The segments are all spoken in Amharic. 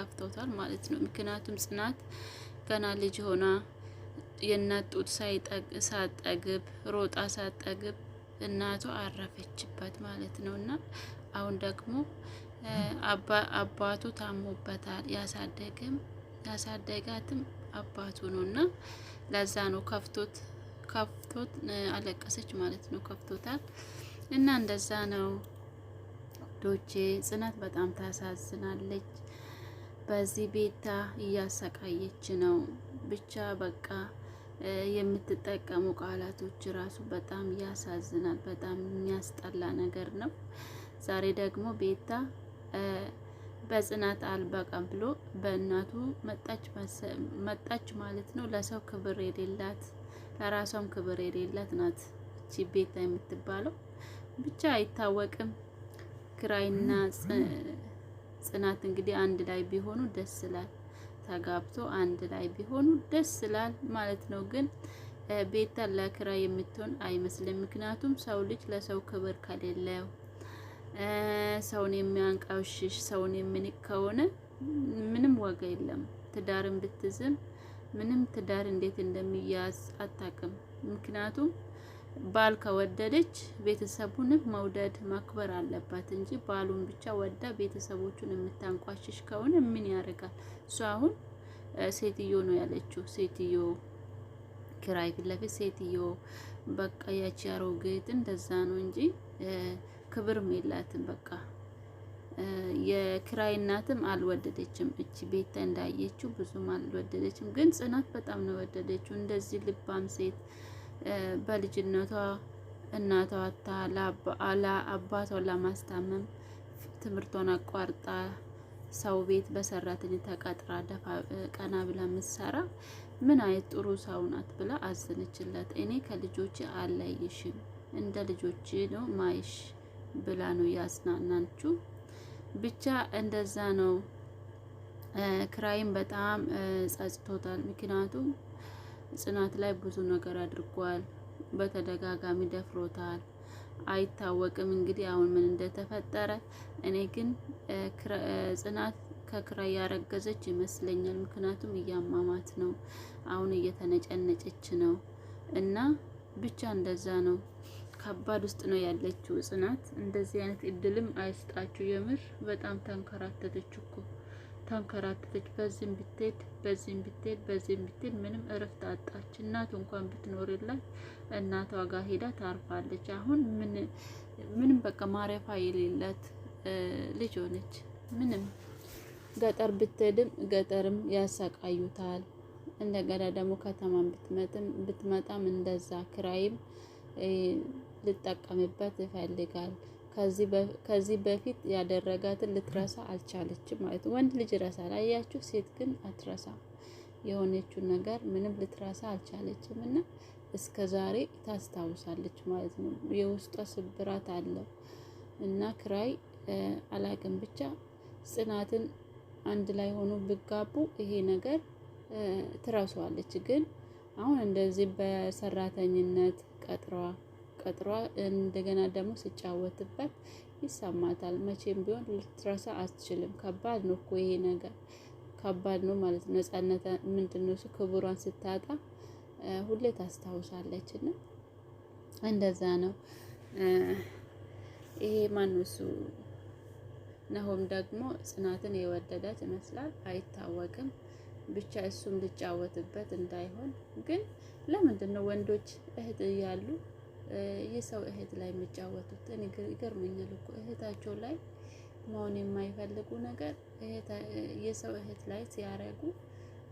ከፍቶታል ማለት ነው። ምክንያቱም ጽናት ገና ልጅ ሆና የእናት ጡት ሳጠግብ ሮጣ ሳጠግብ እናቱ አረፈችበት ማለት ነው እና አሁን ደግሞ አባቱ ታሞበታል። ያሳደግም ያሳደጋትም አባቱ ነው እና ለዛ ነው ከፍቶት ከፍቶት አለቀሰች ማለት ነው። ከፍቶታል እና እንደዛ ነው ዶቼ ጽናት በጣም ታሳዝናለች። በዚህ ቤታ እያሰቃየች ነው። ብቻ በቃ የምትጠቀሙ ቃላቶች ራሱ በጣም ያሳዝናል። በጣም የሚያስጠላ ነገር ነው። ዛሬ ደግሞ ቤታ በጽናት አልበቃ ብሎ በእናቱ መጣች ማለት ነው። ለሰው ክብር የሌላት ለራሷም ክብር የሌላት ናት እቺ ቤታ የምትባለው። ብቻ አይታወቅም ክራይና ጽናት እንግዲህ አንድ ላይ ቢሆኑ ደስ ይላል። ተጋብቶ አንድ ላይ ቢሆኑ ደስ ይላል ማለት ነው። ግን ቤታ ለኪራይ የምትሆን አይመስልም። ምክንያቱም ሰው ልጅ ለሰው ክብር ከሌለው ሰውን የሚያንቃውሽሽ ሰውን የምንቅ ከሆነ ምንም ዋጋ የለም። ትዳርን ብትዝም ምንም ትዳር እንዴት እንደሚያዝ አታውቅም። ምክንያቱም ባል ከወደደች ቤተሰቡንም መውደድ ማክበር አለባት እንጂ ባሉን ብቻ ወዳ ቤተሰቦቹን የምታንቋሽሽ ከሆነ ምን ያደርጋል? እሱ አሁን ሴትዮ ነው ያለችው። ሴትዮ ክራይ ፊት ለፊት ሴትዮ በቃ ያቺ አሮጌት እንደዛ ነው እንጂ ክብርም የላትም። በቃ የክራይ እናትም አልወደደችም። እች ቤተ እንዳየችው ብዙም አልወደደችም። ግን ጽናት በጣም ነው ወደደችው። እንደዚህ ልባም ሴት በልጅነቷ እናቷ አታ አባቷን ለማስታመም ትምህርቷን አቋርጣ ሰው ቤት በሰራተኝነት ተቀጥራ ደፋ ቀና ብላ የምትሰራ ምን አይነት ጥሩ ሰው ናት ብላ አዘነችለት። እኔ ከልጆች አለይሽም እንደ ልጆች ነው ማይሽ ብላ ነው ያስናናችሁ። ብቻ እንደዛ ነው። ክራይም በጣም ጸጽቶታል። ምክንያቱም ጽናት ላይ ብዙ ነገር አድርጓል። በተደጋጋሚ ደፍሮታል። አይታወቅም እንግዲህ አሁን ምን እንደተፈጠረ። እኔ ግን ጽናት ከክራ ያረገዘች ይመስለኛል። ምክንያቱም እያማማት ነው፣ አሁን እየተነጨነጨች ነው። እና ብቻ እንደዛ ነው። ከባድ ውስጥ ነው ያለችው ጽናት። እንደዚህ አይነት እድልም አይስጣችሁ። የምር በጣም ተንከራተተች እኮ ተንከራተተች። በዚህም ብትሄድ በዚህም ብትሄድ በዚህም ብትሄድ ምንም እረፍት አጣች። እናት እንኳን ብትኖርላት እናቷ ጋር ሄዳ ታርፋለች። አሁን ምን ምንም በቃ ማረፋ የሌላት ልጅ ሆነች። ምንም ገጠር ብትሄድም ገጠርም ያሰቃዩታል። እንደገና ደግሞ ከተማን ብትመጥም ብትመጣም እንደዛ ክራይም ልጠቀምበት ይፈልጋል። ከዚህ በፊት ያደረጋትን ልትረሳ አልቻለችም ማለት ነው። ወንድ ልጅ ረሳል፣ አያችሁ። ሴት ግን አትረሳም። የሆነችውን ነገር ምንም ልትረሳ አልቻለችም እና እስከ ዛሬ ታስታውሳለች ማለት ነው። የውስጧ ስብራት አለው እና ክራይ አላቅም ብቻ ጽናትን አንድ ላይ ሆኖ ብጋቡ ይሄ ነገር ትረሷለች። ግን አሁን እንደዚህ በሰራተኝነት ቀጥረዋል። ቀጥሯ እንደገና ደግሞ ስጫወትበት ይሰማታል። መቼም ቢሆን ልትረሳ አትችልም። ከባድ ነው እኮ ይሄ ነገር ከባድ ነው ማለት ነው። ነጻነት ምንድን ነው እሱ ክብሯን ስታጣ ሁሌ ታስታውሳለች። እና እንደዛ ነው። ይሄ ማነው እሱ ነሆም ደግሞ ጽናትን የወደዳት ይመስላል፣ አይታወቅም። ብቻ እሱም ልጫወትበት እንዳይሆን ግን ለምንድን ነው ወንዶች እህት እያሉ የሰው እህት ላይ የሚጫወቱት እኔ ይገርመኛል እኮ እህታቸው ላይ መሆን የማይፈልጉ ነገር የሰው እህት ላይ ሲያረጉ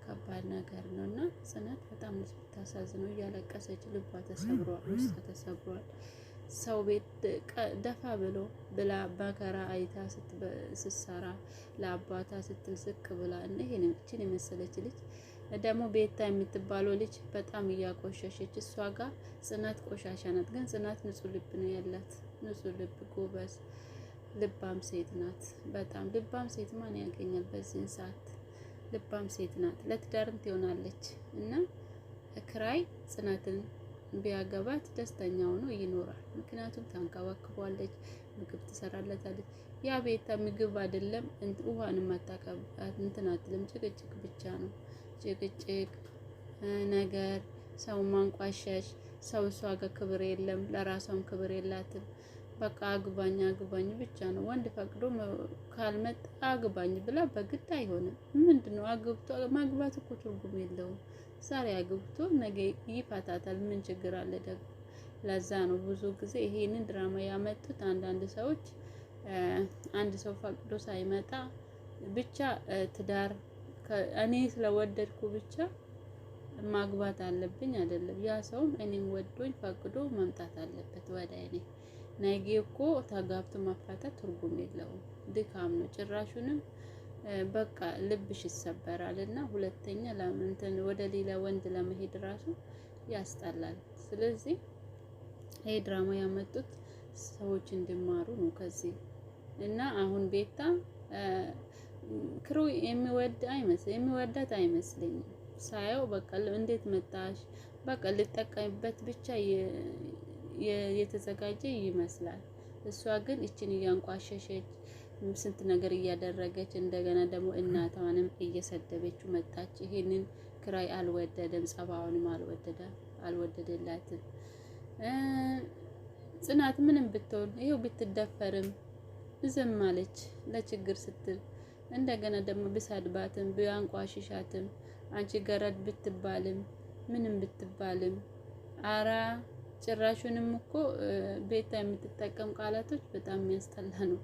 ከባድ ነገር ነው እና ጽናት በጣም ታሳዝነው። እያለቀሰች ልቧ ተሰብሯል፣ ውስጥ ተሰብሯል። ሰው ቤት ደፋ ብሎ ብላ በከራ አይታ ስትሰራ ለአባቷ ስትል ዝቅ ብላ እና ይህችን የመሰለች ልጅ ደግሞ ቤታ የምትባለው ልጅ በጣም እያቆሸሸች፣ እሷ ጋር ጽናት ቆሻሻ ናት። ግን ጽናት ንጹህ ልብ ነው ያላት፣ ንጹህ ልብ ጎበዝ፣ ልባም ሴት ናት። በጣም ልባም ሴት ማን ያገኛል በዚህን ሰዓት? ልባም ሴት ናት፣ ለትዳርም ትሆናለች። እና ክራይ ጽናትን ቢያገባት ደስተኛ ሆኖ ይኖራል። ምክንያቱም ታንከባክቧለች፣ ምግብ ትሰራለታለች። ያ ቤታ ምግብ አይደለም ውሃንም አታቀብ እንትን አትልም፣ ጭቅጭቅ ብቻ ነው። ጭቅጭቅ ነገር፣ ሰው ማንቋሸሽ፣ ሰው እሷ ጋር ክብር የለም፣ ለራሷም ክብር የላትም። በቃ አግባኝ አግባኝ ብቻ ነው። ወንድ ፈቅዶ ካልመጣ አግባኝ ብላ በግድ አይሆንም። ምንድን ነው አግብቶ ማግባት እኮ ትርጉም የለውም። ዛሬ አግብቶ ነገ ይፈታታል። ምን ችግር አለ ደግሞ? ለዛ ነው ብዙ ጊዜ ይሄንን ድራማ ያመጡት አንዳንድ ሰዎች። አንድ ሰው ፈቅዶ ሳይመጣ ብቻ ትዳር እኔ ስለወደድኩ ብቻ ማግባት አለብኝ አይደለም። ያ ሰውም እኔን ወዶኝ ፈቅዶ መምጣት አለበት ወደ እኔ። ነገ እኮ ተጋብቶ ማፋታት ትርጉም የለውም፣ ድካም ነው። ጭራሹንም በቃ ልብሽ ይሰበራል እና ሁለተኛ ለምንትን ወደ ሌላ ወንድ ለመሄድ ራሱ ያስጠላል። ስለዚህ ይሄ ድራማ ያመጡት ሰዎች እንዲማሩ ነው ከዚህ እና አሁን ቤታ ክሩ የሚወድ አይመስል የሚወዳት አይመስለኝም። ሳየው በቃ እንዴት መጣሽ በቃ ልጠቀምበት ብቻ የተዘጋጀ ይመስላል። እሷ ግን እችን እያንቋሸሸች ስንት ነገር እያደረገች እንደገና ደግሞ እናቷንም እየሰደበችው መጣች። ይሄንን ክራይ አልወደደም፣ ጸባውንም አልወደደ አልወደደላትም። ጽናት ምንም ብትሆን ይኸው ብትደፈርም ዝም አለች ለችግር ስትል እንደገና ደግሞ ብሰድባትም ቢያንቋሽሻትም አንቺ ገረድ ብትባልም ምንም ብትባልም አራ ጭራሹንም እኮ ቤታ የምትጠቀም ቃላቶች በጣም የሚያስጠላ ነው።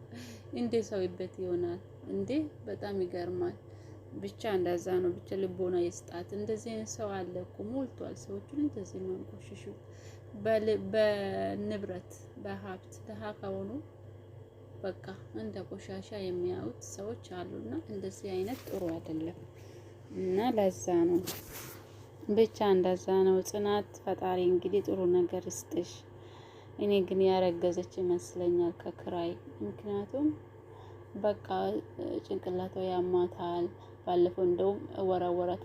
እንዴ ሰው ይበት ይሆናል እንዴ! በጣም ይገርማል። ብቻ እንደዛ ነው። ብቻ ልቦና ይስጣት። እንደዚህ አይነት ሰው አለ እኮ ሞልቷል። ሰዎቹን እንደዚህ የሚያንቆሽሹ በንብረት በሀብት ድሀ ከሆኑ በቃ እንደ ቆሻሻ የሚያዩት ሰዎች አሉና እንደዚህ አይነት ጥሩ አይደለም እና ለዛ ነው ብቻ እንደዛ ነው። ጽናት ፈጣሪ እንግዲህ ጥሩ ነገር ይስጥሽ። እኔ ግን ያረገዘች ይመስለኛል ከክራይ ምክንያቱም በቃ ጭንቅላቷ ያማታል። ባለፈው እንደውም ወራወራት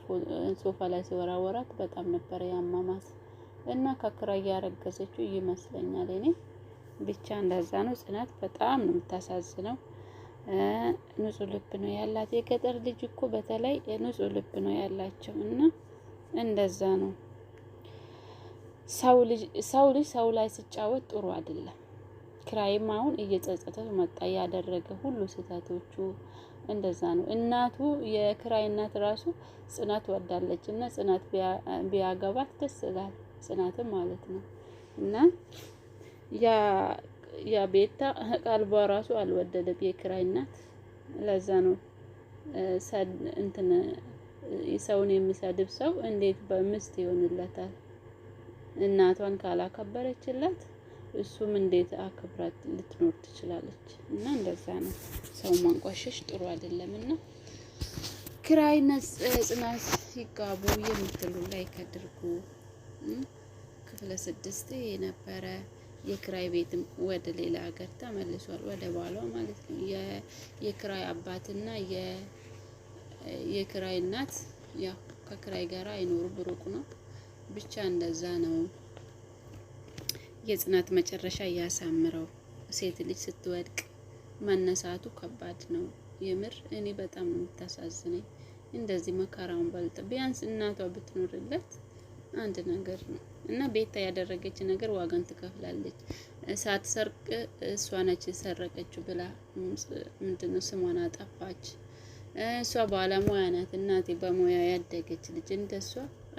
ሶፋ ላይ ሲወራወራት በጣም ነበር ያማማት እና ከክራይ ያረገዘችው ይመስለኛል እኔ ብቻ እንደዛ ነው። ጽናት በጣም ነው የምታሳዝነው። ንጹህ ልብ ነው ያላት። የገጠር ልጅ እኮ በተለይ ንጹህ ልብ ነው ያላቸው እና እንደዛ ነው። ሰው ልጅ ሰው ላይ ሲጫወት ጥሩ አይደለም። ክራይም አሁን እየጸጸተው መጣ። ያደረገ ሁሉ ስህተቶቹ እንደዛ ነው። እናቱ የክራይ እናት ራሱ ጽናት ወዳለች እና ጽናት ቢያገባት ደስ ይላል። ጽናትም ማለት ነው እና ያ ቤታ ቀልቧ ራሱ አልወደደም የኪራይ እናት። ለዛ ነው እንትን ሰውን የሚሰድብ ሰው እንዴት በምስት ይሆንለታል? እናቷን ካላከበረችላት እሱም እንዴት አክብራት ልትኖር ትችላለች? እና እንደዛ ነው ሰው ማንቋሸሽ ጥሩ አይደለም። እና ኪራይና ጽናት ሲጋቡ የምትሉ ላይክ አድርጉ። ክፍለ ስድስት የነበረ የክራይ ቤትም ወደ ሌላ ሀገር ተመልሷል፣ ወደ ባሏ ማለት ነው። የክራይ አባትና የክራይ እናት ያው ከክራይ ጋር አይኖሩ ብሩቅ ነው። ብቻ እንደዛ ነው። የጽናት መጨረሻ እያሳምረው። ሴት ልጅ ስትወድቅ መነሳቱ ከባድ ነው። የምር እኔ በጣም ነው የምታሳዝነኝ። እንደዚህ መከራውን በልጥ ቢያንስ እናቷ ብትኖርለት አንድ ነገር ነው እና ቤታ ያደረገች ነገር ዋጋን ትከፍላለች። ሳትሰርቅ እሷ ነች የሰረቀችው ብላ ምንድነው ስሟን አጠፋች። እሷ ባለሙያ ናት፣ እናቴ በሙያ ያደገች ልጅ እንደሷ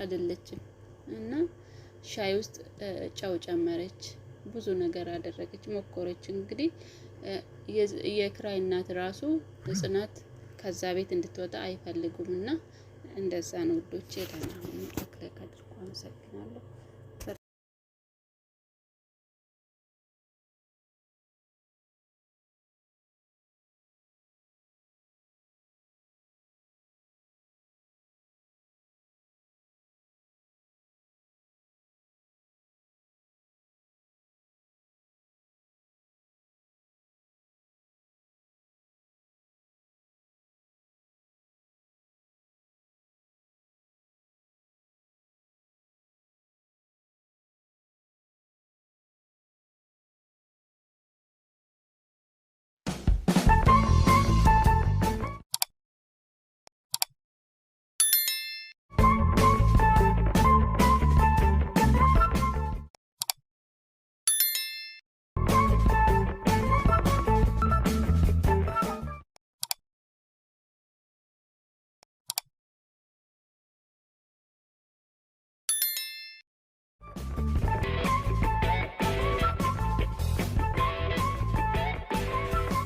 አይደለችም። እና ሻይ ውስጥ ጨው ጨመረች፣ ብዙ ነገር አደረገች፣ ሞከረች። እንግዲህ የክራይ እናት ራሱ ጽናት ከዛ ቤት እንድትወጣ አይፈልጉም እና እንደዛ ነው ውዶቼ። ደህና አመሰግናለሁ።